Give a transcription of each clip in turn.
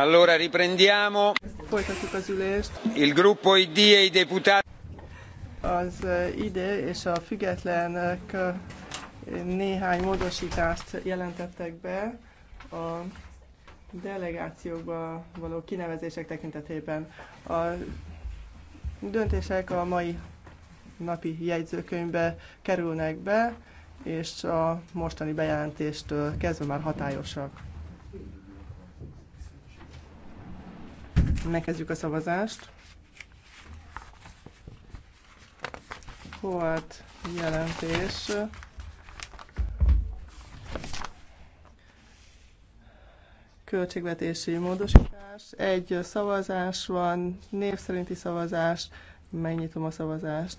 Allora riprendiamo. Folytatjuk az ülést. Il gruppo ID e i deputati. Az eh, ID és a függetlenek eh, eh, néhány módosítást jelentettek be a delegációkba való kinevezések tekintetében. A döntések a mai napi jegyzőkönyvbe kerülnek be, és a mostani bejelentéstől kezdve már hatályosak. Megkezdjük a szavazást. Holt jelentés. Költségvetési módosítás. Egy szavazás van, név szerinti szavazás. Megnyitom a szavazást.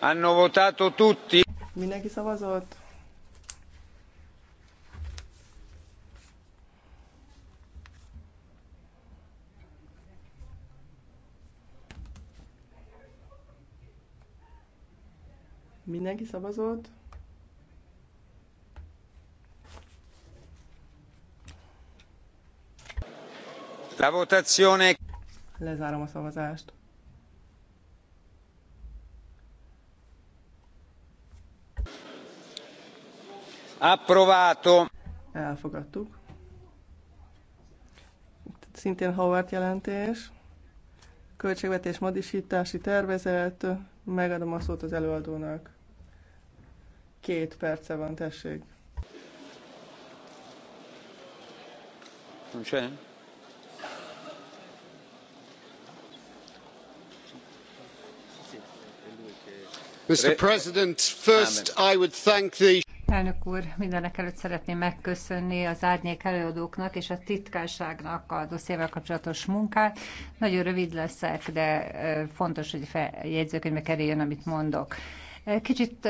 Hanno votato tutti. Mindenki szavazott? Mindenki szavazott. La votazione. Lezárom a szavazást. Approvato. Elfogadtuk. Szintén Howard jelentés. Költségvetés modisítási tervezet. Megadom a szót az előadónak. Két perce van, tessék. Nincsen. Mr. President, first I would thank the Elnök úr, mindenek előtt szeretném megköszönni az árnyék előadóknak és a titkárságnak a dossziéval kapcsolatos munkát. Nagyon rövid leszek, de fontos, hogy feljegyzőkönyvbe kerüljön, amit mondok. Kicsit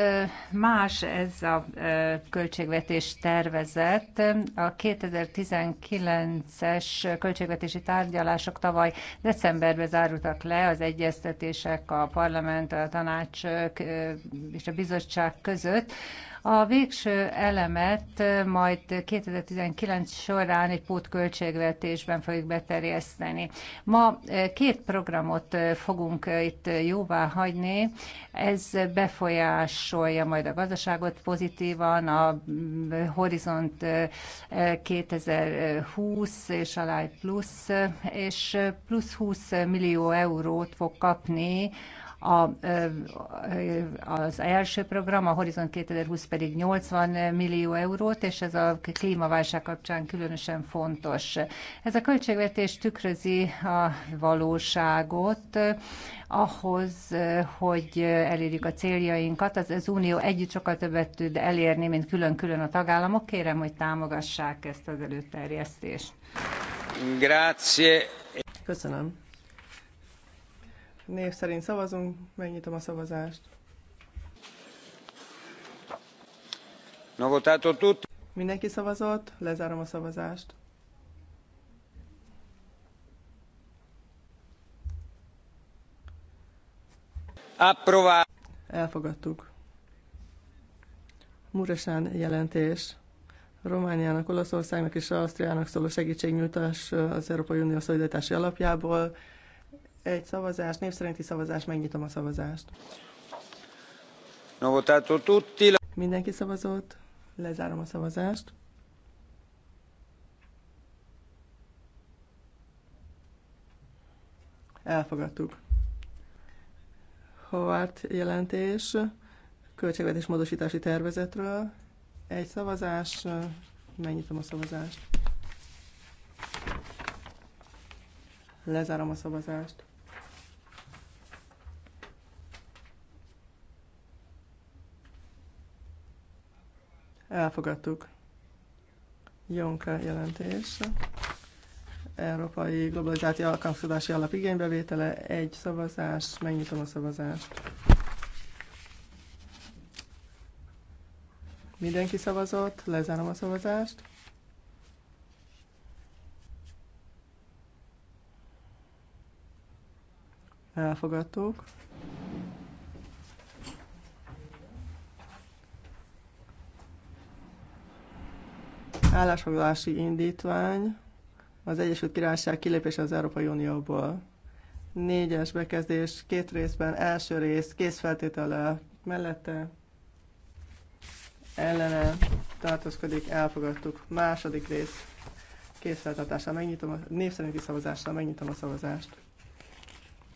más ez a költségvetés tervezet. A 2019-es költségvetési tárgyalások tavaly decemberben zárultak le az egyeztetések a parlament, a tanács és a bizottság között. A végső elemet majd 2019 során egy pótköltségvetésben fogjuk beterjeszteni. Ma eh, két programot eh, fogunk eh, itt jóvá hagyni. Ez befolyásolja majd a gazdaságot pozitívan, a mm, Horizont 2020 és a Life Plus, és plusz 20 millió eurót fog kapni a, az első program, a Horizon 2020 pedig 80 millió eurót, és ez a klímaválság kapcsán különösen fontos. Ez a költségvetés tükrözi a valóságot, ahhoz, hogy elérjük a céljainkat. Az, az Unió együtt sokkal többet tud elérni, mint külön-külön a tagállamok. Kérem, hogy támogassák ezt az előterjesztést. Grazie. Köszönöm. Név szerint szavazunk, megnyitom a szavazást. Mindenki szavazott, lezárom a szavazást. Apprová. Elfogadtuk. Muresán jelentés. Romániának, Olaszországnak és Ausztriának szóló segítségnyújtás az Európai Unió szolidaritási alapjából. Egy szavazás, név szerinti szavazás, megnyitom a szavazást. Mindenki szavazott, lezárom a szavazást. Elfogadtuk. Howard jelentés költségvetés módosítási tervezetről. Egy szavazás, megnyitom a szavazást. Lezárom a szavazást. Elfogadtuk. Jonka jelentés. Európai Globalizáció Alkalmazkodási Alap igénybevétele. Egy szavazás. Megnyitom a szavazást. Mindenki szavazott. Lezárom a szavazást. Elfogadtuk. Állásfoglalási indítvány az Egyesült Királyság kilépése az Európai Unióból. Négyes bekezdés, két részben, első rész, készfeltétele mellette, ellene tartózkodik, elfogadtuk. Második rész, készfeltartással megnyitom, a, név szerinti szavazással megnyitom a szavazást.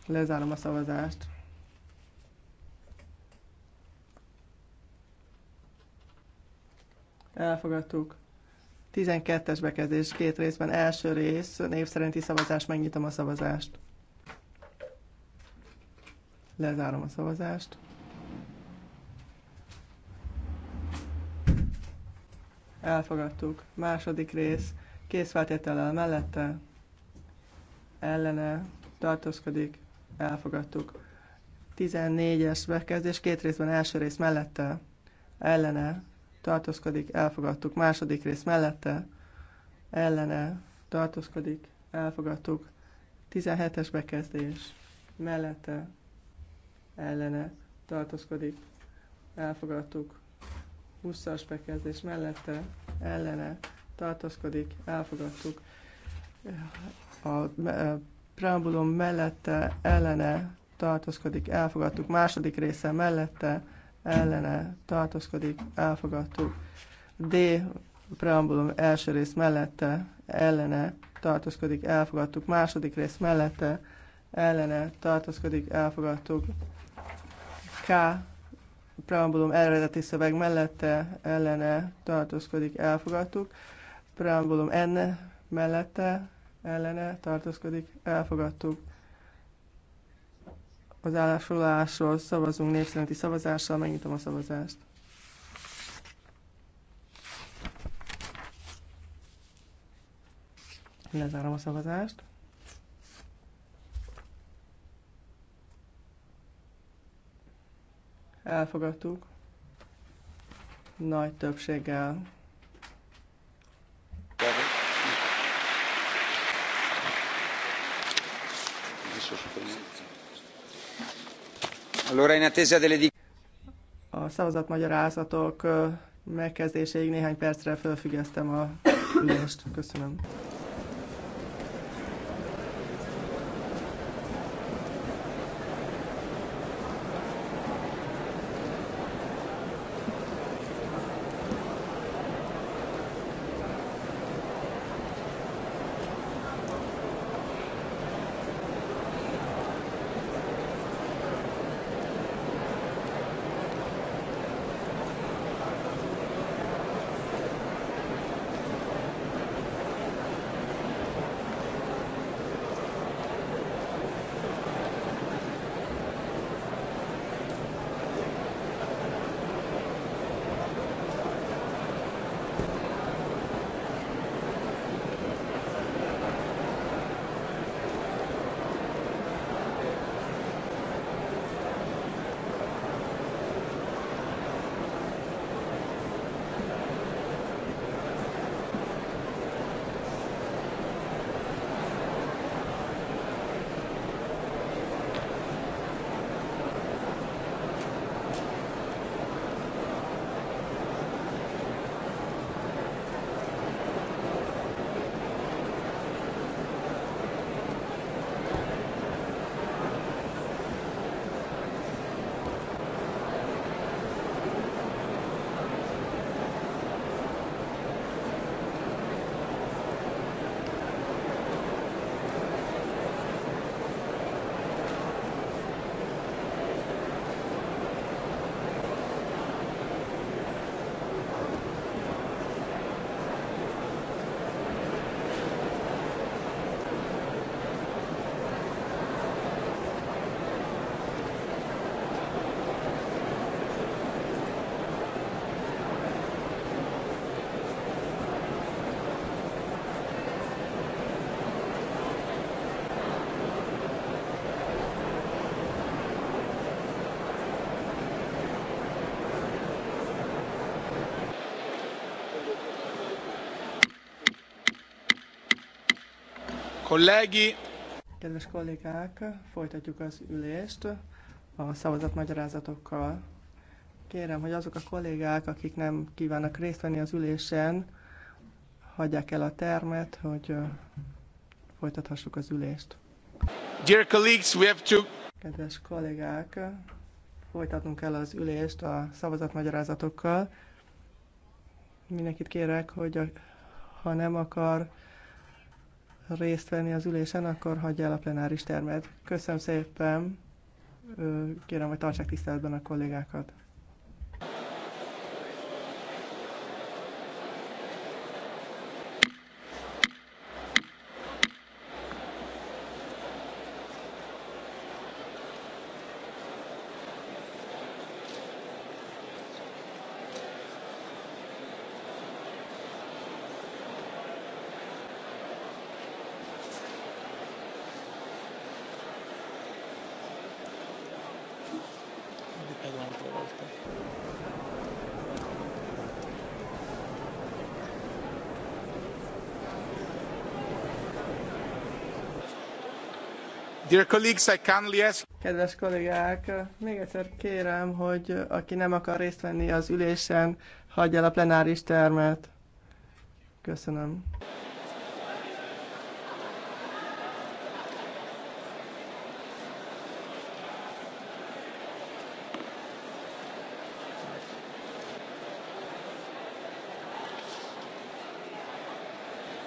Lezárom a szavazást. Elfogadtuk. 12-es bekezdés két részben. Első rész, név szerinti szavazás, megnyitom a szavazást. Lezárom a szavazást. Elfogadtuk. Második rész, készfeltétellel mellette, ellene, tartózkodik, elfogadtuk. 14-es bekezdés, két részben első rész mellette, ellene, tartózkodik, elfogadtuk. Második rész mellette, ellene, tartózkodik, elfogadtuk. 17-es bekezdés, mellette, ellene, tartózkodik, elfogadtuk. 20-as bekezdés, mellette, ellene, tartózkodik, elfogadtuk. A preambulum mellette, ellene, tartózkodik, elfogadtuk. Második része mellette, ellene tartózkodik, elfogadtuk. D preambulum első rész mellette ellene tartózkodik, elfogadtuk. Második rész mellette ellene tartózkodik, elfogadtuk. K preambulum eredeti szöveg mellette ellene tartózkodik, elfogadtuk. Preambulum N mellette ellene tartózkodik, elfogadtuk az állásfoglalásról szavazunk népszerinti szavazással. Megnyitom a szavazást. Lezárom a szavazást. Elfogadtuk. Nagy többséggel a szavazatmagyarázatok megkezdéséig néhány percre felfüggesztem a ülést. Köszönöm. Kedves kollégák, folytatjuk az ülést a szavazatmagyarázatokkal. Kérem, hogy azok a kollégák, akik nem kívánnak részt venni az ülésen, hagyják el a termet, hogy folytathassuk az ülést. Dear colleagues, we have to... Kedves kollégák, folytatunk el az ülést a szavazatmagyarázatokkal. Mindenkit kérek, hogy ha nem akar részt venni az ülésen, akkor hagyja el a plenáris termet. Köszönöm szépen, kérem, hogy tartsák tiszteletben a kollégákat. Dear colleagues, I kindly ask... Kedves kollégák, még egyszer kérem, hogy aki nem akar részt venni az ülésen, hagyja el a plenáris termet. Köszönöm.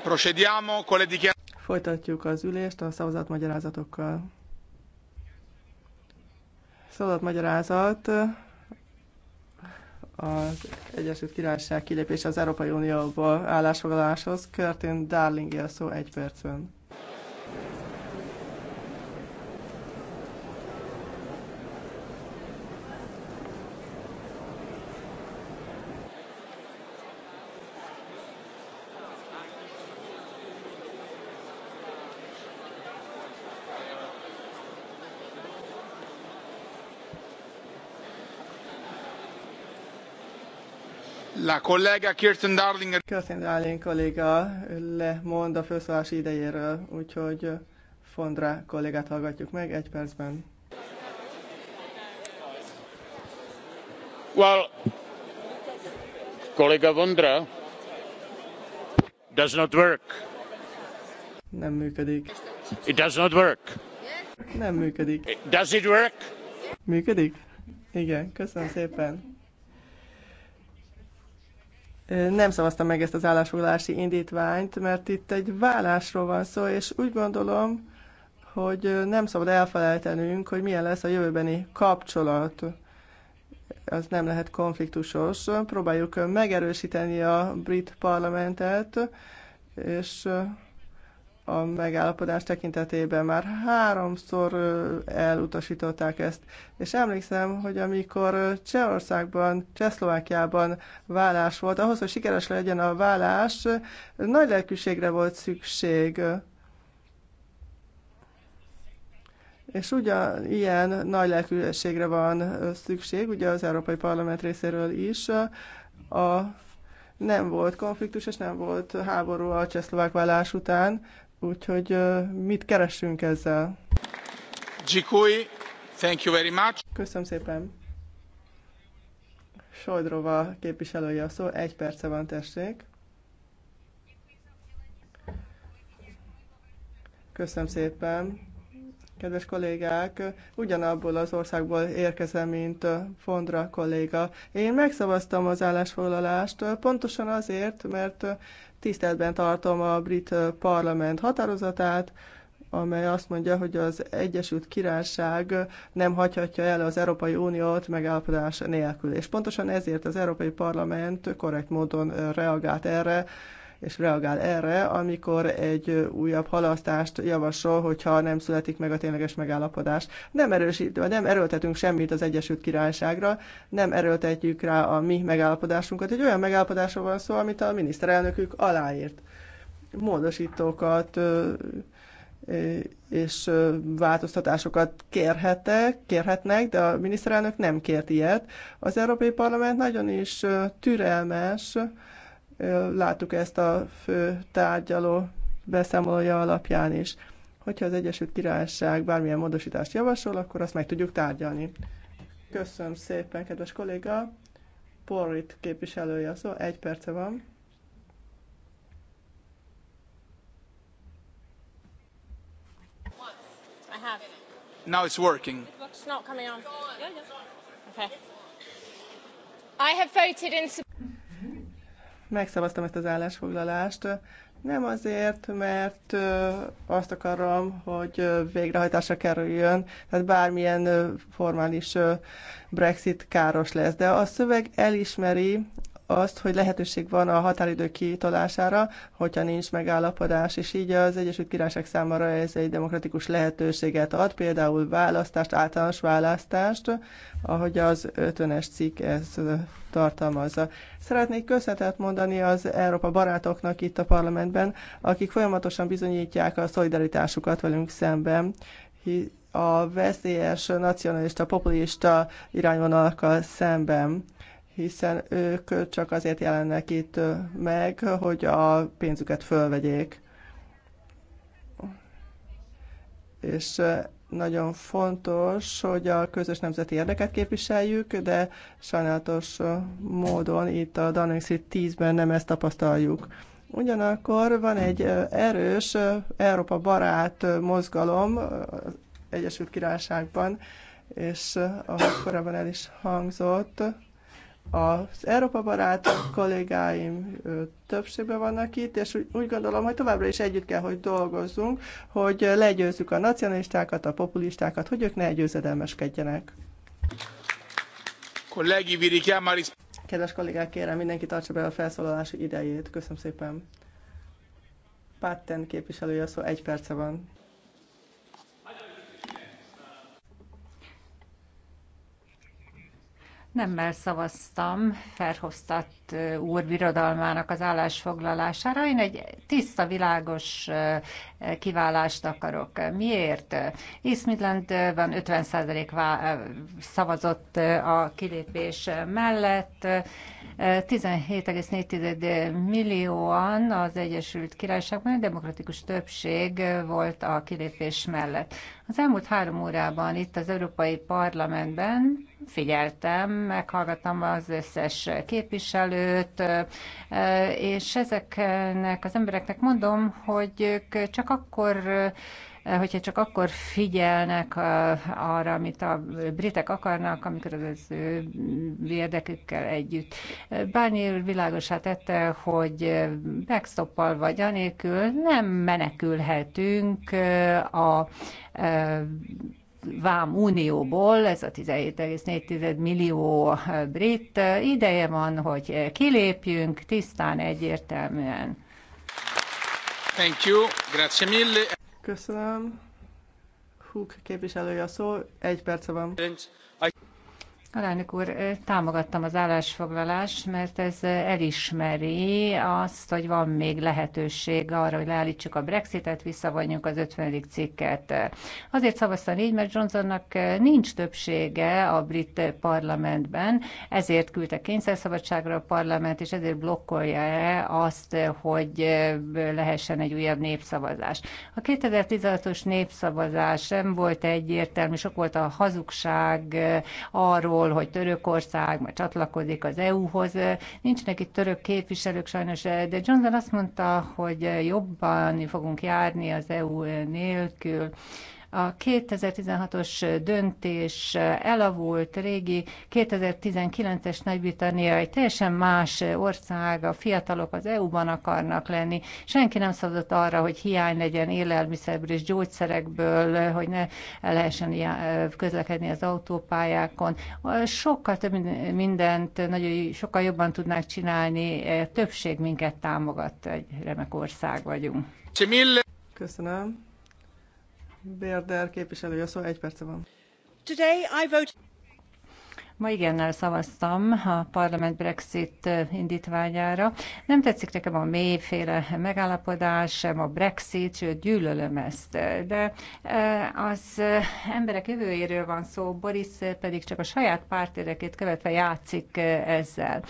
Procediamo con le dichiarazioni. Folytatjuk az ülést a szavazatmagyarázatokkal. Szavazatmagyarázat az Egyesült Királyság kilépése az Európai Unióból állásfoglaláshoz. Körtén Darling szó egy percön. La collega Kirsten Darling. Kirsten Darling kolléga lemond a felszólási idejéről, úgyhogy Fondra kollégát hallgatjuk meg egy percben. Well, kollega Vondra does not work. Nem működik. It does not work. Nem működik. Does it work? Működik? Igen, köszönöm szépen nem szavaztam meg ezt az állásfoglalási indítványt, mert itt egy vállásról van szó, és úgy gondolom, hogy nem szabad elfelejtenünk, hogy milyen lesz a jövőbeni kapcsolat. Az nem lehet konfliktusos. Próbáljuk megerősíteni a brit parlamentet, és a megállapodás tekintetében már háromszor elutasították ezt. És emlékszem, hogy amikor Csehországban, Csehszlovákiában vállás volt, ahhoz, hogy sikeres legyen a vállás, nagy lelkűségre volt szükség. És ugyan nagy lelkűségre van szükség, ugye az Európai Parlament részéről is, a nem volt konfliktus, és nem volt háború a csehszlovák vállás után, Úgyhogy mit keresünk ezzel? Jikui, thank you very much. Köszönöm szépen. Sojdrova képviselője a szó, egy perce van, tessék. Köszönöm szépen. Kedves kollégák, ugyanabból az országból érkezem, mint Fondra kolléga. Én megszavaztam az állásfoglalást pontosan azért, mert Tiszteletben tartom a brit parlament határozatát, amely azt mondja, hogy az Egyesült Királyság nem hagyhatja el az Európai Uniót megállapodás nélkül. És pontosan ezért az Európai Parlament korrekt módon reagált erre, és reagál erre, amikor egy újabb halasztást javasol, hogyha nem születik meg a tényleges megállapodás. Nem, erősít, nem erőltetünk semmit az Egyesült Királyságra, nem erőltetjük rá a mi megállapodásunkat. Egy olyan megállapodásról van szó, amit a miniszterelnökük aláírt. Módosítókat és változtatásokat kérhetek, kérhetnek, de a miniszterelnök nem kért ilyet. Az Európai Parlament nagyon is türelmes, Láttuk ezt a fő tárgyaló beszámolója alapján is. Hogyha az Egyesült Királyság bármilyen módosítást javasol, akkor azt meg tudjuk tárgyalni. Köszönöm szépen, kedves kolléga. Porrit képviselője szó, egy perce van. Now it's working. It's not coming on. Okay. I have voted in megszavaztam ezt az állásfoglalást. Nem azért, mert azt akarom, hogy végrehajtásra kerüljön, tehát bármilyen formális Brexit káros lesz, de a szöveg elismeri azt, hogy lehetőség van a határidő kitolására, hogyha nincs megállapodás, és így az Egyesült Királyság számára ez egy demokratikus lehetőséget ad, például választást, általános választást, ahogy az ötönes cikk ez tartalmazza. Szeretnék köszönetet mondani az Európa barátoknak itt a parlamentben, akik folyamatosan bizonyítják a szolidaritásukat velünk szemben, a veszélyes nacionalista, populista irányvonalakkal szemben hiszen ők csak azért jelennek itt meg, hogy a pénzüket fölvegyék. És nagyon fontos, hogy a közös nemzeti érdeket képviseljük, de sajnálatos módon itt a Downing Street 10-ben nem ezt tapasztaljuk. Ugyanakkor van egy erős Európa barát mozgalom az Egyesült Királyságban, és ahogy korábban el is hangzott, az Európa barát kollégáim többségben vannak itt, és úgy, gondolom, hogy továbbra is együtt kell, hogy dolgozzunk, hogy legyőzzük a nacionalistákat, a populistákat, hogy ők ne győzedelmeskedjenek. Kedves kollégák, kérem, mindenki tartsa be a felszólalási idejét. Köszönöm szépen. Patten képviselője szó, egy perce van. nemmel szavaztam Ferhoztat eh, úr birodalmának az állásfoglalására. Én egy tiszta, világos eh, kiválást akarok. Miért? East Midlandben 50% szavazott a kilépés mellett, 17,4 millióan az Egyesült Királyságban egy demokratikus többség volt a kilépés mellett. Az elmúlt három órában itt az Európai Parlamentben figyeltem, meghallgattam az összes képviselőt, és ezeknek az embereknek mondom, hogy ők csak akkor eh, hogyha csak akkor figyelnek eh, arra, amit a britek akarnak, amikor az, ő érdekükkel együtt. Bárnyi világosá tette, hogy backstoppal eh, vagy anélkül nem menekülhetünk a Vám Unióból, ez a 17,4 millió brit, ideje van, hogy kilépjünk tisztán, egyértelműen. Thank you. Grazie mille. Köszönöm. Hook képviselője a szó, egy perce van. Alelnök úr, támogattam az állásfoglalást, mert ez elismeri azt, hogy van még lehetőség arra, hogy leállítsuk a Brexitet, visszavonjuk az 50. cikket. Azért szavaztam így, mert Johnsonnak nincs többsége a brit parlamentben, ezért küldte kényszerszabadságra a parlament, és ezért blokkolja -e azt, hogy lehessen egy újabb népszavazás. A 2016-os népszavazás nem volt egyértelmű, sok volt a hazugság arról, arról, hogy Törökország majd csatlakozik az EU-hoz. Nincsenek itt török képviselők sajnos, de Johnson azt mondta, hogy jobban fogunk járni az EU nélkül. A 2016-os döntés elavult, régi 2019-es Nagy-Britannia egy teljesen más ország, a fiatalok az EU-ban akarnak lenni. Senki nem szabadott arra, hogy hiány legyen élelmiszerből és gyógyszerekből, hogy ne lehessen közlekedni az autópályákon. Sokkal több mindent, nagyon sokkal jobban tudnák csinálni, többség minket támogat, egy remek ország vagyunk. Köszönöm. Bérder képviselője szó, szóval egy perce van. Today I vote... Ma igennel szavaztam a parlament Brexit indítványára. Nem tetszik nekem a mélyféle megállapodás, sem a Brexit, sőt gyűlölöm ezt. De az emberek jövőjéről van szó, Boris pedig csak a saját pártérekét követve játszik ezzel.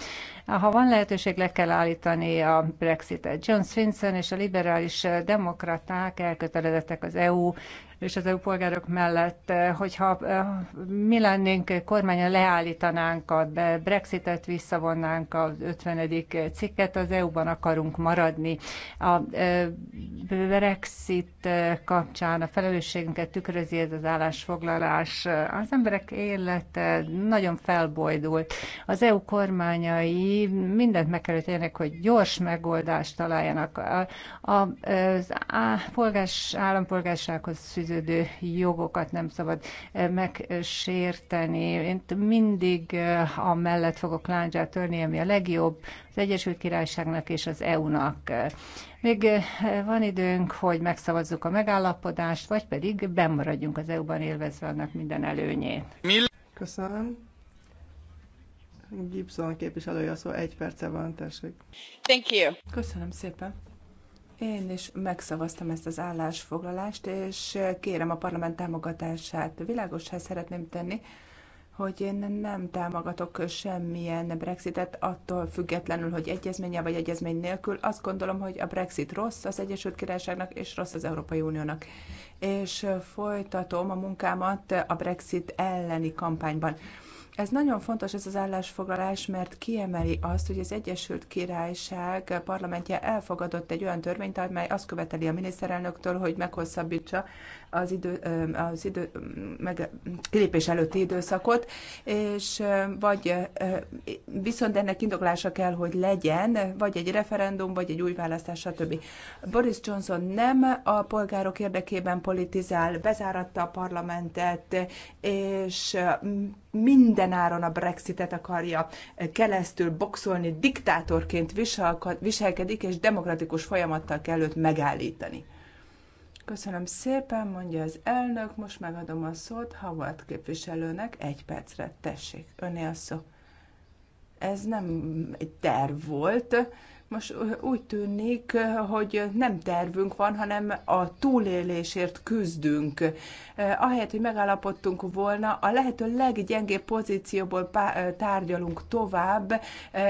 Ha van lehetőség, le kell állítani a Brexitet. John Swinson és a liberális demokraták elkötelezettek az EU és az EU polgárok mellett, eh, hogyha eh, mi lennénk eh, kormánya leállítanánk a Brexitet, visszavonnánk az 50. cikket, az EU-ban akarunk maradni. A Brexit kapcsán a felelősségünket tükrözi ez az állásfoglalás. Az emberek élete nagyon felbojdult. Az EU kormányai mindent meg hogy gyors megoldást találjanak. A, a, az á, polgás, állampolgársághoz szűz szerződő jogokat nem szabad eh, megsérteni. Én mindig eh, a mellett fogok láncsát törni, ami a legjobb az Egyesült Királyságnak és az EU-nak. Még eh, van időnk, hogy megszavazzuk a megállapodást, vagy pedig bemaradjunk az EU-ban élvezve annak minden előnyét. Köszönöm. Gibson képviselője szó, egy perce van, tessék. Thank you. Köszönöm szépen. Én is megszavaztam ezt az állásfoglalást, és kérem a parlament támogatását. Világosá szeretném tenni, hogy én nem támogatok semmilyen Brexitet, attól függetlenül, hogy egyezménye vagy egyezmény nélkül. Azt gondolom, hogy a Brexit rossz az Egyesült Királyságnak és rossz az Európai Uniónak. És folytatom a munkámat a Brexit elleni kampányban. Ez nagyon fontos ez az állásfoglalás, mert kiemeli azt, hogy az Egyesült Királyság parlamentje elfogadott egy olyan törvényt, amely azt követeli a miniszterelnöktől, hogy meghosszabbítsa az idő, az idő meg kilépés előtti időszakot, és vagy viszont ennek indoklása kell, hogy legyen, vagy egy referendum, vagy egy új választás, stb. Boris Johnson nem a polgárok érdekében politizál, bezáratta a parlamentet, és minden áron a Brexitet akarja keresztül boxolni, diktátorként viselkedik, és demokratikus folyamattal kell őt megállítani. Köszönöm szépen, mondja az elnök, most megadom a szót Howard képviselőnek, egy percre, tessék, öné a szó. Ez nem egy terv volt, most úgy tűnik, hogy nem tervünk van, hanem a túlélésért küzdünk. Ahelyett, hogy megállapodtunk volna, a lehető leggyengébb pozícióból tárgyalunk tovább.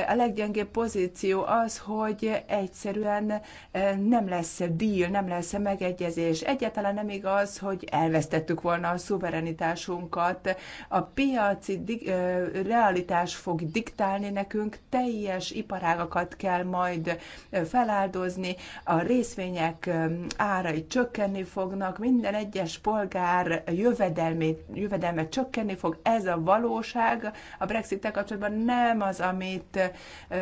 A leggyengébb pozíció az, hogy egyszerűen nem lesz deal, nem lesz megegyezés. Egyáltalán nem igaz, hogy elvesztettük volna a szuverenitásunkat. A piaci realitás fog diktálni nekünk, teljes iparágakat kell majd majd feláldozni, a részvények árai csökkenni fognak, minden egyes polgár jövedelmét, jövedelme csökkenni fog. Ez a valóság a brexit kapcsolatban nem az, amit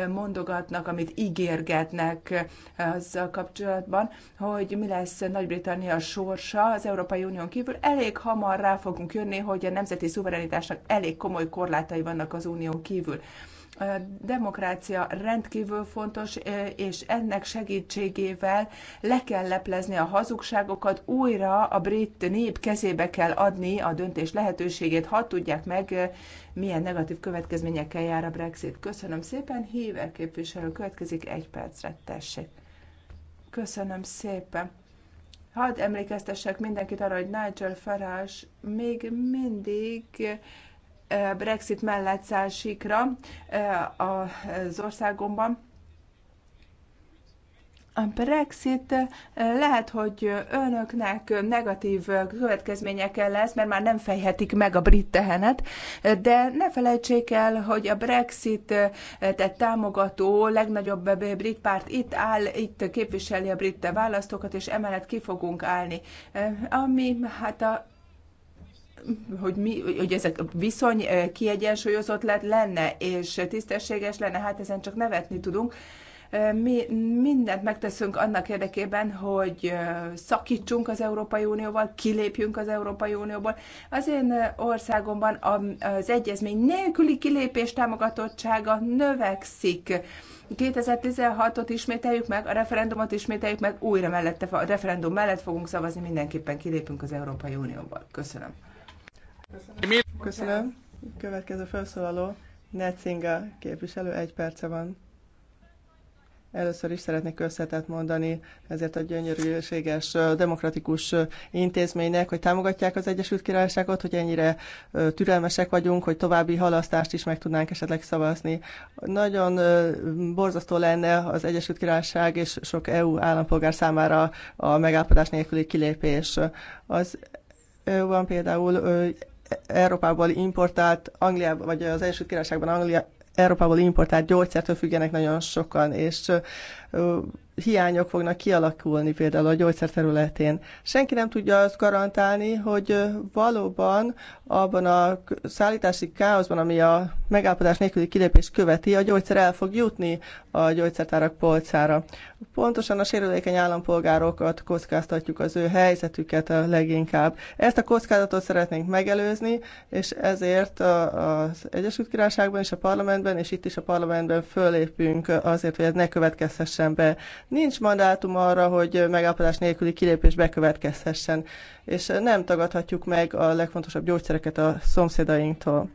mondogatnak, amit ígérgetnek azzal kapcsolatban, hogy mi lesz Nagy-Britannia sorsa az Európai Unión kívül. Elég hamar rá fogunk jönni, hogy a nemzeti szuverenitásnak elég komoly korlátai vannak az Unión kívül. A demokrácia rendkívül fontos, e, és ennek segítségével le kell leplezni a hazugságokat, újra a brit nép kezébe kell adni a döntés lehetőségét, ha tudják meg, e, milyen negatív következményekkel jár a Brexit. Köszönöm szépen, Híver képviselő következik egy percre, tessék. Köszönöm szépen. Hadd emlékeztessek mindenkit arra, hogy Nigel Farage még mindig Brexit mellett száll síkra az országomban. A Brexit lehet, hogy önöknek negatív következményekkel lesz, mert már nem fejhetik meg a brit tehenet, de ne felejtsék el, hogy a Brexit-et támogató legnagyobb brit párt itt áll, itt képviseli a brit választókat, és emellett ki fogunk állni. Ami hát a hogy, mi, hogy ezek viszony eh, kiegyensúlyozott lett, lenne, és tisztességes lenne, hát ezen csak nevetni tudunk. Eh, mi mindent megteszünk annak érdekében, hogy eh, szakítsunk az Európai Unióval, kilépjünk az Európai Unióból. Az én országomban az egyezmény nélküli kilépés támogatottsága növekszik. 2016-ot ismételjük meg, a referendumot ismételjük meg, újra mellette, a referendum mellett fogunk szavazni, mindenképpen kilépünk az Európai Unióból. Köszönöm. Köszönöm. Köszönöm. Következő felszólaló, Netzinga képviselő, egy perce van. Először is szeretnék köszönetet mondani ezért a gyönyörűséges demokratikus intézménynek, hogy támogatják az Egyesült Királyságot, hogy ennyire türelmesek vagyunk, hogy további halasztást is meg tudnánk esetleg szavazni. Nagyon borzasztó lenne az Egyesült Királyság és sok EU állampolgár számára a megállapodás nélküli kilépés. Az EU-ban például Európából importált, Angliában, vagy az első királyságban Anglia, Európából importált gyógyszertől függenek nagyon sokan, és hiányok fognak kialakulni például a gyógyszer területén. Senki nem tudja azt garantálni, hogy valóban abban a szállítási káoszban, ami a megállapodás nélküli kilépés követi, a gyógyszer el fog jutni a gyógyszertárak polcára. Pontosan a sérülékeny állampolgárokat kockáztatjuk az ő helyzetüket a leginkább. Ezt a kockázatot szeretnénk megelőzni, és ezért az Egyesült Királyságban és a parlamentben, és itt is a parlamentben fölépünk azért, hogy ez ne következhessen vezessen be. Nincs mandátum arra, hogy megállapodás nélküli kilépés bekövetkezhessen, és nem tagadhatjuk meg a legfontosabb gyógyszereket a szomszédainktól.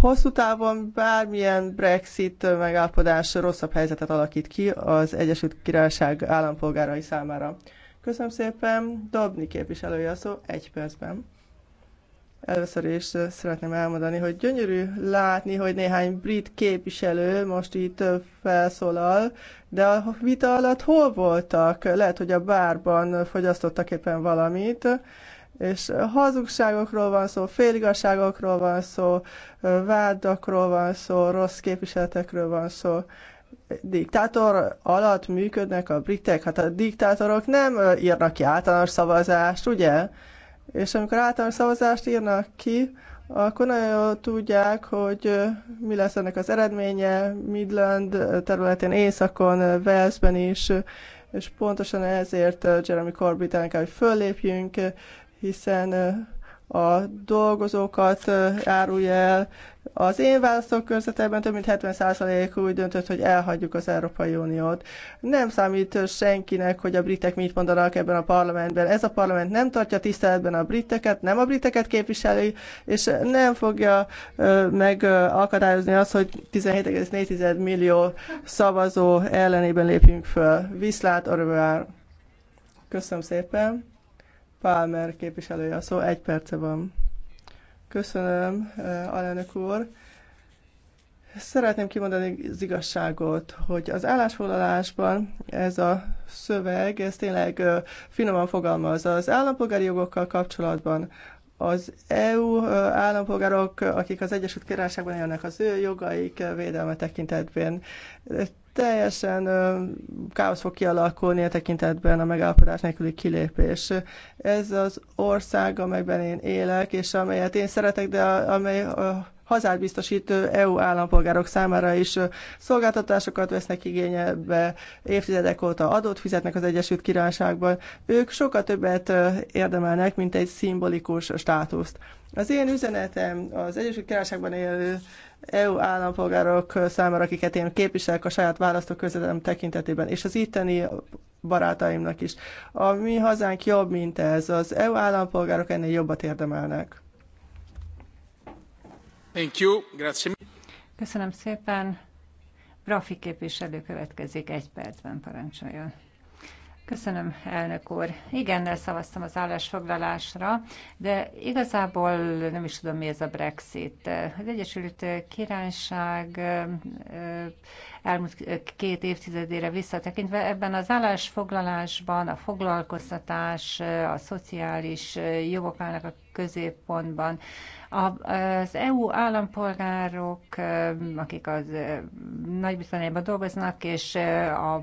Hosszú távon bármilyen Brexit megállapodás rosszabb helyzetet alakít ki az Egyesült Királyság állampolgárai számára. Köszönöm szépen, Dobni képviselője a szó egy percben. Először is szeretném elmondani, hogy gyönyörű látni, hogy néhány brit képviselő most itt felszólal, de a vita alatt hol voltak? Lehet, hogy a bárban fogyasztottak éppen valamit, és hazugságokról van szó, féligasságokról van szó, vádakról van szó, rossz képviseletekről van szó. Diktátor alatt működnek a britek, hát a diktátorok nem írnak ki általános szavazást, ugye? És amikor általános szavazást írnak ki, akkor nagyon jól tudják, hogy mi lesz ennek az eredménye, Midland területén, Északon, Walesben is, és pontosan ezért Jeremy Corbyn el kell, hogy föllépjünk, hiszen a dolgozókat árulja el, az én körzetében több mint 70% úgy döntött, hogy elhagyjuk az Európai Uniót. Nem számít senkinek, hogy a britek mit mondanak ebben a parlamentben. Ez a parlament nem tartja tiszteletben a briteket, nem a briteket képviseli, és nem fogja megakadályozni azt, hogy 17,4 millió szavazó ellenében lépjünk föl. Viszlát, örömmel! Köszönöm szépen! Palmer képviselője a szó, egy perce van. Köszönöm, alelnök úr. Szeretném kimondani az igazságot, hogy az állásfoglalásban ez a szöveg, ez tényleg finoman fogalmaz. Az állampolgári jogokkal kapcsolatban az EU állampolgárok, akik az Egyesült Királyságban élnek, az ő jogaik védelme tekintetben teljesen káosz fog kialakulni a tekintetben a megállapodás nélküli kilépés. Ez az ország, amelyben én élek, és amelyet én szeretek, de amely a hazát biztosító EU állampolgárok számára is szolgáltatásokat vesznek igénybe, évtizedek óta adót fizetnek az Egyesült Királyságban. Ők sokkal többet érdemelnek, mint egy szimbolikus státuszt. Az én üzenetem az Egyesült Királyságban élő EU állampolgárok számára, akiket én képviselek a saját választókörzetem tekintetében, és az itteni barátaimnak is. A mi hazánk jobb, mint ez. Az EU állampolgárok ennél jobbat érdemelnek. Thank you. Grazie. Köszönöm szépen. Rafi képviselő következik egy percben, parancsoljon. Köszönöm, elnök úr. Igennel szavaztam az állásfoglalásra, de igazából nem is tudom, mi ez a Brexit. Az Egyesült Királyság elmúlt két évtizedére visszatekintve ebben az állásfoglalásban a foglalkoztatás, a szociális jogoknak a középpontban. Az EU állampolgárok, akik az nagy dolgoznak, és az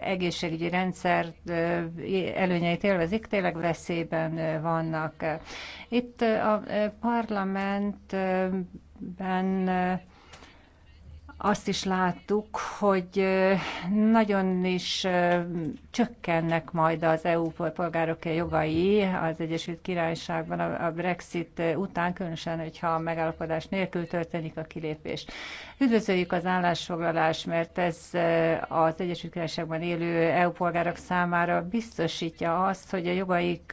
egészségügyi rendszer előnyeit élvezik, tényleg veszélyben vannak. Itt a parlamentben azt is láttuk, hogy nagyon is csökkennek majd az EU polgárok jogai az Egyesült Királyságban a Brexit után, különösen, hogyha a megállapodás nélkül történik a kilépés. Üdvözöljük az állásfoglalás, mert ez az Egyesült Királyságban élő EU polgárok számára biztosítja azt, hogy a jogaik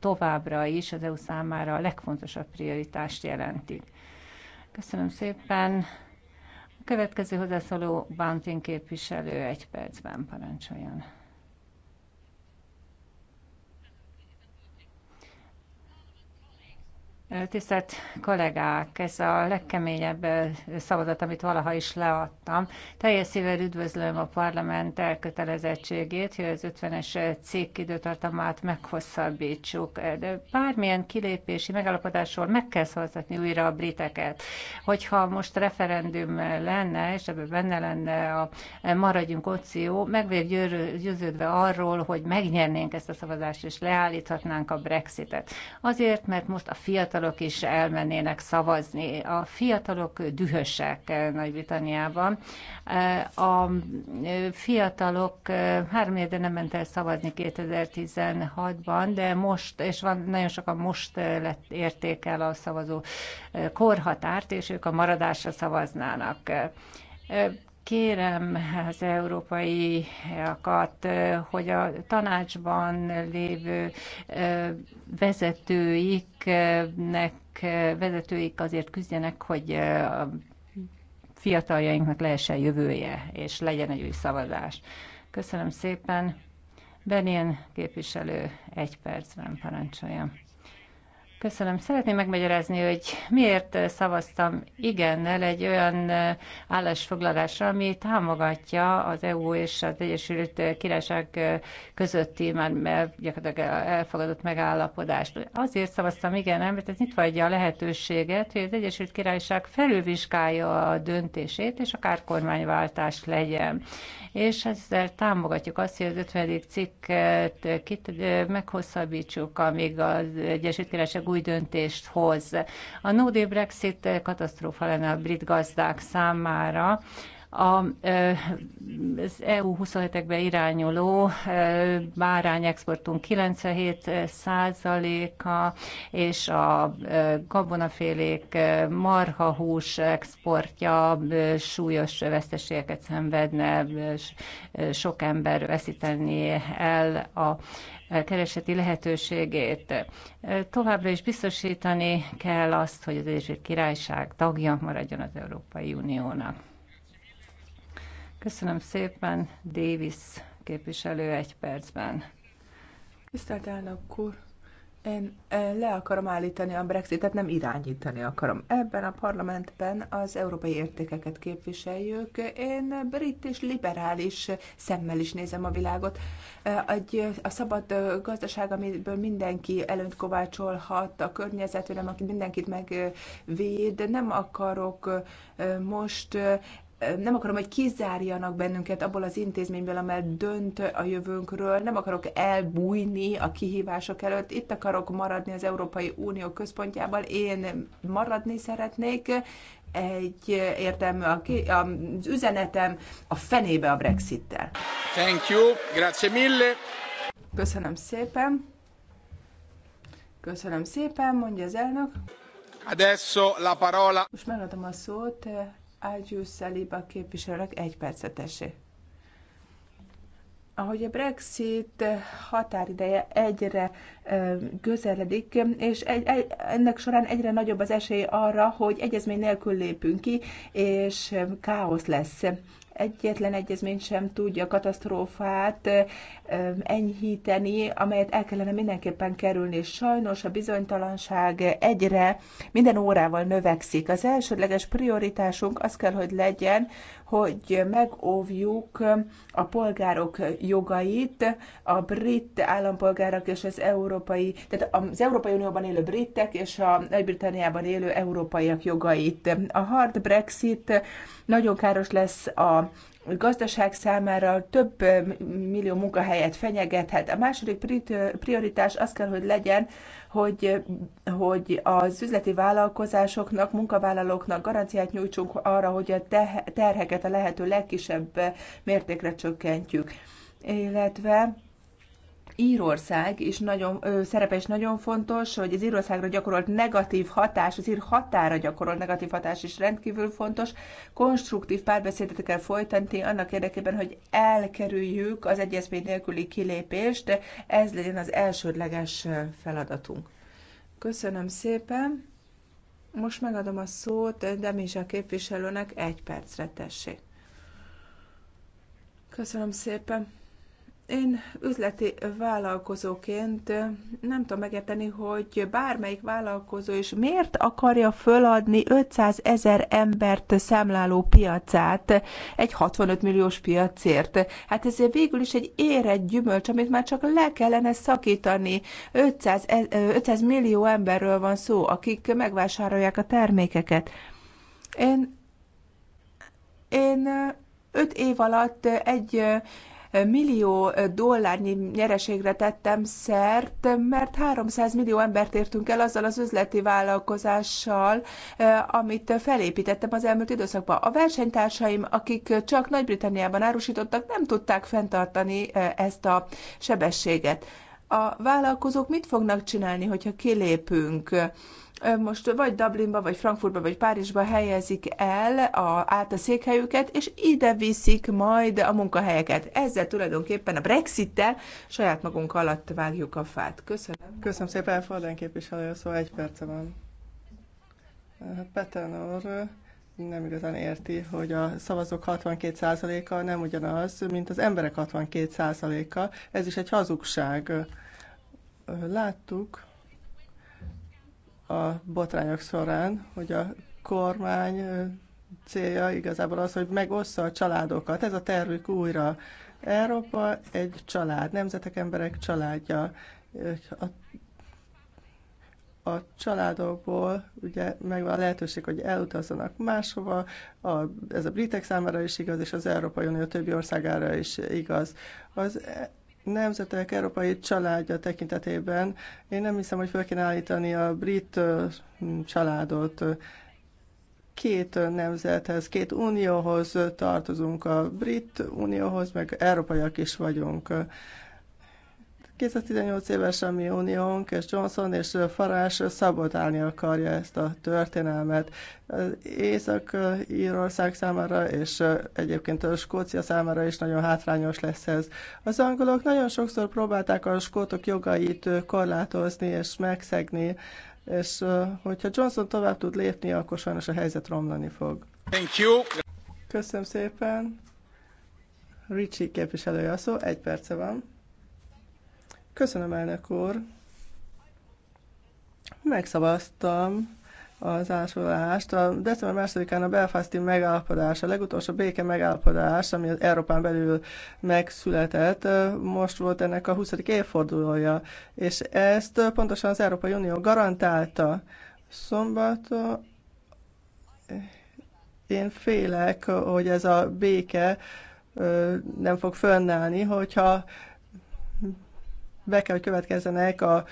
továbbra is az EU számára a legfontosabb prioritást jelentik. Köszönöm szépen! A következő hozzászóló Bantin képviselő egy percben parancsoljon. Tisztelt kollégák, ez a legkeményebb szavazat, amit valaha is leadtam. Teljes szívvel üdvözlöm a parlament elkötelezettségét, hogy az 50-es cikk időtartamát meghosszabbítsuk. De bármilyen kilépési megállapodásról meg kell szavazatni újra a briteket. Hogyha most referendum lenne, és ebben benne lenne a maradjunk opció, meg vagyok győződve arról, hogy megnyernénk ezt a szavazást, és leállíthatnánk a Brexitet. Azért, mert most a fiatal fiatalok is elmennének szavazni. A fiatalok dühösek Nagy-Britanniában. A fiatalok három éve nem ment el szavazni 2016-ban, de most, és van nagyon sokan most lett, érték el a szavazó korhatárt, és ők a maradásra szavaznának Kérem az európaiakat, hogy a tanácsban lévő vezetőiknek, vezetőik azért küzdjenek, hogy a fiataljainknak lehessen jövője, és legyen egy új szavazás. Köszönöm szépen. Benén képviselő egy percben parancsolja. Köszönöm. Szeretném megmagyarázni, hogy miért szavaztam igennel egy olyan állásfoglalásra, ami támogatja az EU és az Egyesült Királyság közötti már gyakorlatilag elfogadott megállapodást. Azért szavaztam igennel, mert ez nyitva adja a lehetőséget, hogy az Egyesült Királyság felülvizsgálja a döntését, és akár kormányváltás legyen. És ezzel támogatjuk azt, hogy az 50. cikket meghosszabbítsuk, amíg az Egyesült Királyság új döntést hoz. A no deal Brexit katasztrófa lenne a brit gazdák számára, a, az EU 27-ekbe irányuló exportunk 97 százaléka, és a gabonafélék marhahús exportja súlyos veszteségeket szenvedne, sok ember veszíteni el a kereseti lehetőségét. Továbbra is biztosítani kell azt, hogy az Egyesült Királyság tagja maradjon az Európai Uniónak. Köszönöm szépen, Davis képviselő egy percben. Tisztelt elnök úr! Én le akarom állítani a Brexitet, nem irányítani akarom. Ebben a parlamentben az európai értékeket képviseljük. Én brit és liberális szemmel is nézem a világot. Egy, a szabad gazdaság, amiből mindenki előnyt kovácsolhat, a környezetvédelem, aki mindenkit megvéd. Nem akarok most nem akarom, hogy kizárjanak bennünket abból az intézményből, amely dönt a jövőnkről, nem akarok elbújni a kihívások előtt, itt akarok maradni az Európai Unió központjában, én maradni szeretnék, egy értelmű a, az üzenetem a fenébe a Brexittel. Thank you, grazie mille. Köszönöm szépen. Köszönöm szépen, mondja az elnök. Adesso la parola. Most megadom a szót Ágyú Szaliba képviselők egy percet tessék. Ahogy a Brexit határideje egyre közeledik, és egy, egy, ennek során egyre nagyobb az esély arra, hogy egyezmény nélkül lépünk ki, és káosz lesz egyetlen egyezmény sem tudja katasztrófát enyhíteni, amelyet el kellene mindenképpen kerülni. És sajnos a bizonytalanság egyre, minden órával növekszik. Az elsődleges prioritásunk az kell, hogy legyen, hogy megóvjuk a polgárok jogait, a brit állampolgárok és az európai, tehát az Európai Unióban élő britek és a Nagy-Britanniában élő európaiak jogait. A hard Brexit nagyon káros lesz a gazdaság számára több millió munkahelyet fenyegethet. A második prioritás az kell, hogy legyen, hogy, hogy az üzleti vállalkozásoknak, munkavállalóknak garanciát nyújtsunk arra, hogy a terheket a lehető legkisebb mértékre csökkentjük. Illetve Írország is nagyon, ö, szerepe is nagyon fontos, hogy az Írországra gyakorolt negatív hatás, az ír határa gyakorolt negatív hatás is rendkívül fontos. Konstruktív párbeszédet kell folytatni annak érdekében, hogy elkerüljük az egyezmény nélküli kilépést, de ez legyen az elsődleges feladatunk. Köszönöm szépen. Most megadom a szót a képviselőnek egy percre tessék. Köszönöm szépen. Én üzleti vállalkozóként nem tudom megérteni, hogy bármelyik vállalkozó is miért akarja föladni 500 ezer embert számláló piacát egy 65 milliós piacért. Hát ez végül is egy érett gyümölcs, amit már csak le kellene szakítani. 500, 500 e- millió emberről van szó, akik megvásárolják a termékeket. Én, én öt év alatt egy millió dollárnyi nyereségre tettem szert, mert 300 millió embert értünk el azzal az üzleti vállalkozással, amit felépítettem az elmúlt időszakban. A versenytársaim, akik csak Nagy-Britanniában árusítottak, nem tudták fenntartani ezt a sebességet. A vállalkozók mit fognak csinálni, hogyha kilépünk? most vagy Dublinba, vagy Frankfurtba, vagy Párizsba helyezik el a, át a székhelyüket, és ide viszik majd a munkahelyeket. Ezzel tulajdonképpen a Brexittel saját magunk alatt vágjuk a fát. Köszönöm. Köszönöm szépen, Fordán képviselő, szóval egy perce van. Petenor nem igazán érti, hogy a szavazók 62%-a nem ugyanaz, mint az emberek 62%-a. Ez is egy hazugság. Láttuk, a botrányok során, hogy a kormány célja igazából az, hogy megossza a családokat. Ez a tervük újra. Európa egy család, nemzetek emberek családja. A, a családokból ugye megvan a lehetőség, hogy elutazzanak máshova, a, ez a britek számára is igaz, és az Európai Unió többi országára is igaz. Az nemzetek európai családja tekintetében én nem hiszem, hogy fel kéne állítani a brit családot. Két nemzethez, két unióhoz tartozunk, a brit unióhoz, meg európaiak is vagyunk. 2018 éves a mi uniónk, és Johnson és Farage szabotálni akarja ezt a történelmet. Észak-Írország számára, és egyébként a Skócia számára is nagyon hátrányos lesz ez. Az angolok nagyon sokszor próbálták a skótok jogait korlátozni és megszegni, és hogyha Johnson tovább tud lépni, akkor sajnos a helyzet romlani fog. Thank you. Köszönöm szépen. Ricsi képviselője a szó, egy perce van. Köszönöm, elnök úr. Megszavaztam az ásolást. A december 2-án a belfasti megállapodás, a legutolsó béke megállapodás, ami az Európán belül megszületett, most volt ennek a 20. évfordulója, és ezt pontosan az Európai Unió garantálta. Szombaton én félek, hogy ez a béke nem fog fönnállni, hogyha be kell, hogy következzenek a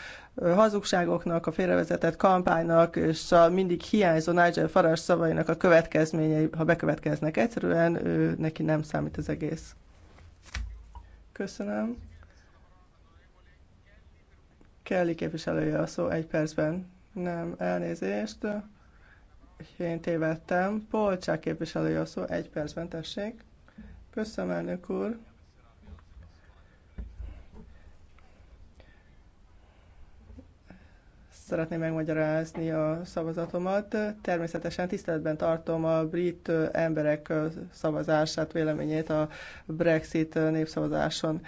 hazugságoknak, a félrevezetett kampánynak és a mindig hiányzó Nigel Farage szavainak a következményei, ha bekövetkeznek. Egyszerűen ő, neki nem számít az egész. Köszönöm. Kelly képviselője a szó egy percben. Nem, elnézést. Én tévedtem. Polcsák képviselője a szó egy percben, tessék. Köszönöm, elnök úr. szeretném megmagyarázni a szavazatomat. Természetesen tiszteletben tartom a brit emberek szavazását, véleményét a Brexit népszavazáson.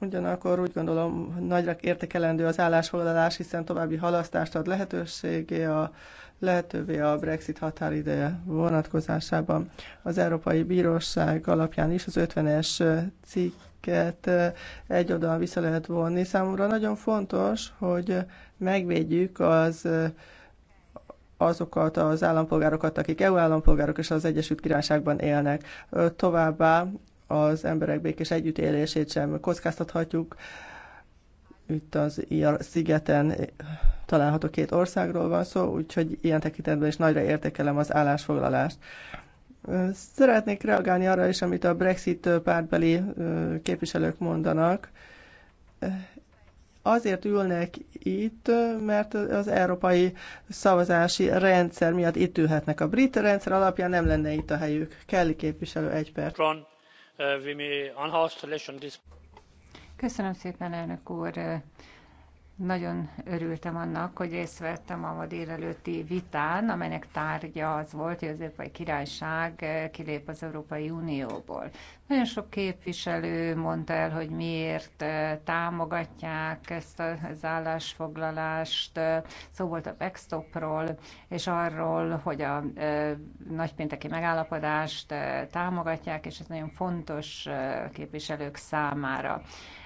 Ugyanakkor úgy gondolom, nagyra értékelendő az állásfoglalás, hiszen további halasztást ad lehetőségé a lehetővé a Brexit határideje vonatkozásában. Az Európai Bíróság alapján is az 50-es cikk amiket egy oda vissza lehet vonni. Számomra nagyon fontos, hogy megvédjük az azokat az állampolgárokat, akik EU állampolgárok és az Egyesült Királyságban élnek. Továbbá az emberek békés együttélését sem kockáztathatjuk. Itt az ilyen szigeten található két országról van szó, úgyhogy ilyen tekintetben is nagyra értékelem az állásfoglalást. Szeretnék reagálni arra is, amit a Brexit pártbeli képviselők mondanak. Azért ülnek itt, mert az európai szavazási rendszer miatt itt ülhetnek. A brit rendszer alapján nem lenne itt a helyük. Kelly képviselő egy perc. Köszönöm szépen, elnök úr. Nagyon örültem annak, hogy részt vettem a ma délelőtti vitán, amelynek tárgya az volt, hogy az Európai Királyság eh, kilép az Európai Unióból. Nagyon sok képviselő mondta el, hogy miért eh, támogatják ezt az állásfoglalást. Eh, szó volt a backstopról, és arról, hogy a nagypénteki megállapodást támogatják, és ez nagyon fontos képviselők számára.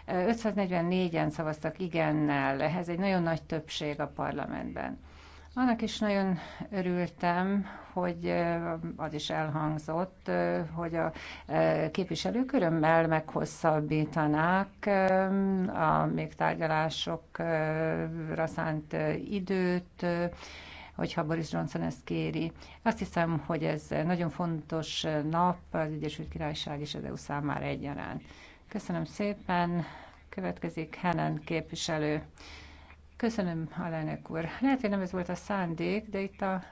544-en szavaztak igennel, ehhez egy nagyon nagy többség a parlamentben. Annak is nagyon örültem, hogy az is elhangzott, hogy a képviselők örömmel meghosszabbítanák a még tárgyalásokra szánt időt, hogyha Boris Johnson ezt kéri. Azt hiszem, hogy ez nagyon fontos nap az Egyesült Királyság és az EU számára egyaránt. Köszönöm szépen. Következik Helen képviselő. Köszönöm, alelnök úr. Lehet, hogy nem ez volt a szándék, de itt a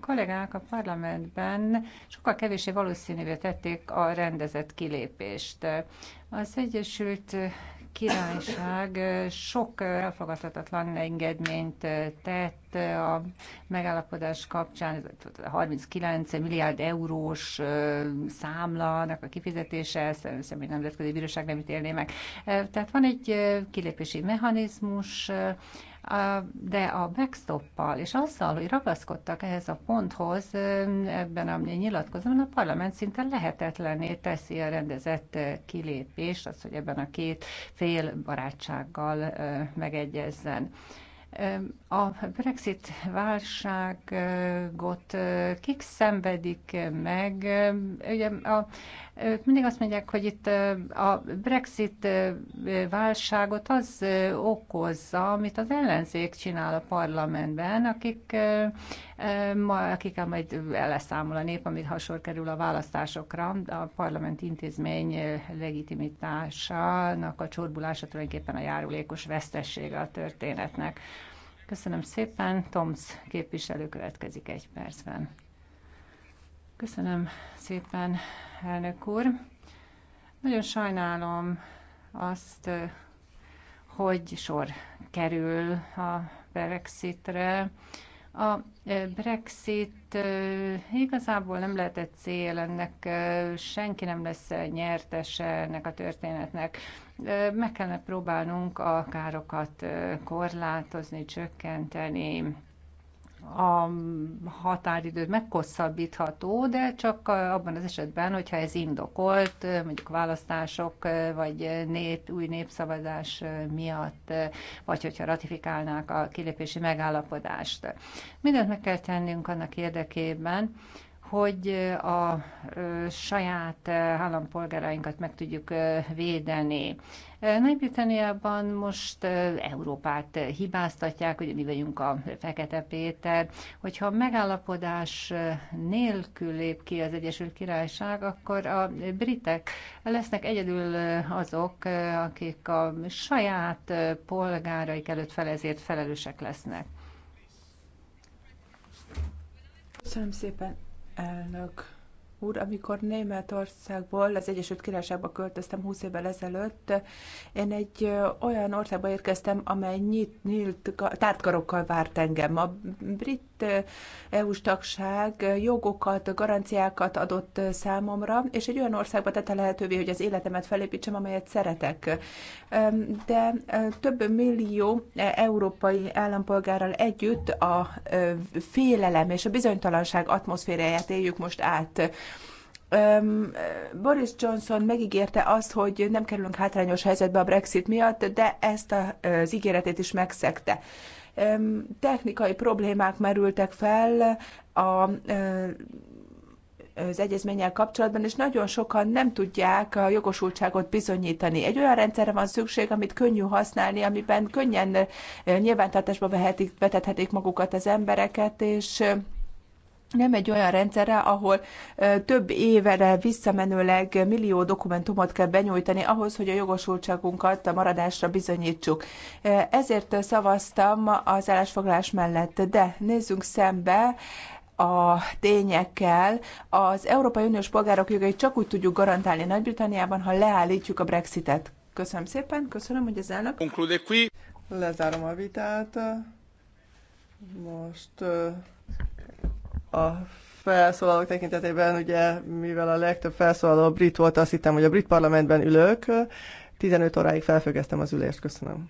kollégák a parlamentben sokkal kevésbé valószínűvé tették a rendezett kilépést. Az Egyesült Királyság sok elfogadhatatlan engedményt tett itt eh, a megállapodás kapcsán, ez a 39 milliárd eurós eh, számlának a kifizetése, szerintem egy nemzetközi bíróság nem ítélné meg. Eh, tehát van egy kilépési mechanizmus, de a backstoppal és azzal, hogy ragaszkodtak ehhez a ponthoz, ebben a nyilatkozóban a parlament szinte lehetetlené teszi a rendezett kilépést, az, hogy ebben a két fél barátsággal megegyezzen. A Brexit válságot kik szenvedik meg? Ugye a, ők mindig azt mondják, hogy itt a Brexit válságot az okozza, amit az ellenzék csinál a parlamentben, akik, akikkel majd leszámol a nép, amit hasonló kerül a választásokra. A parlament intézmény legitimitásának a csorbulása tulajdonképpen a járulékos vesztessége a történetnek. Köszönöm szépen. Tomsz képviselő következik egy percben. Köszönöm szépen, elnök úr. Nagyon sajnálom azt, hogy sor kerül a Brexitre, a e, Brexit e, igazából nem lehetett cél, ennek e, senki nem lesz nyertese ennek a történetnek. Meg kellene próbálnunk a károkat korlátozni, csökkenteni, a határidőt meghosszabbítható, de csak abban az esetben, hogyha ez indokolt, mondjuk választások, vagy nép, új népszavazás miatt, vagy hogyha ratifikálnák a kilépési megállapodást. Mindent meg kell tennünk annak érdekében, hogy a saját állampolgárainkat meg tudjuk védeni. Nagy-Britanniában most Európát hibáztatják, hogy mi vagyunk a Fekete Péter. Hogyha megállapodás nélkül lép ki az Egyesült Királyság, akkor a britek lesznek egyedül azok, akik a saját polgáraik előtt ezért felelősek lesznek. Köszönöm szépen elnök úr, amikor Németországból az Egyesült Királyságba költöztem 20 évvel ezelőtt, én egy olyan országba érkeztem, amely nyit, nyílt tártkarokkal várt engem. A brit EU-s tagság jogokat, garanciákat adott számomra, és egy olyan országba tette lehetővé, hogy az életemet felépítsem, amelyet szeretek. De több millió európai állampolgárral együtt a félelem és a bizonytalanság atmoszféráját éljük most át. Boris Johnson megígérte azt, hogy nem kerülünk hátrányos helyzetbe a Brexit miatt, de ezt az ígéretét is megszegte technikai problémák merültek fel a az egyezménnyel kapcsolatban, és nagyon sokan nem tudják a jogosultságot bizonyítani. Egy olyan rendszerre van szükség, amit könnyű használni, amiben könnyen nyilvántartásba vetethetik magukat az embereket, és nem egy olyan rendszerre, ahol több évre visszamenőleg millió dokumentumot kell benyújtani ahhoz, hogy a jogosultságunkat a maradásra bizonyítsuk. Ezért szavaztam az állásfoglalás mellett, de nézzünk szembe a tényekkel. Az Európai Uniós polgárok jogait csak úgy tudjuk garantálni Nagy-Britanniában, ha leállítjuk a Brexitet. Köszönöm szépen, köszönöm, hogy az elnök. Lezárom a vitát. Most a felszólalók tekintetében, ugye mivel a legtöbb felszólaló brit volt, azt hittem, hogy a brit parlamentben ülök, 15 óráig felfüggesztem az ülést. Köszönöm.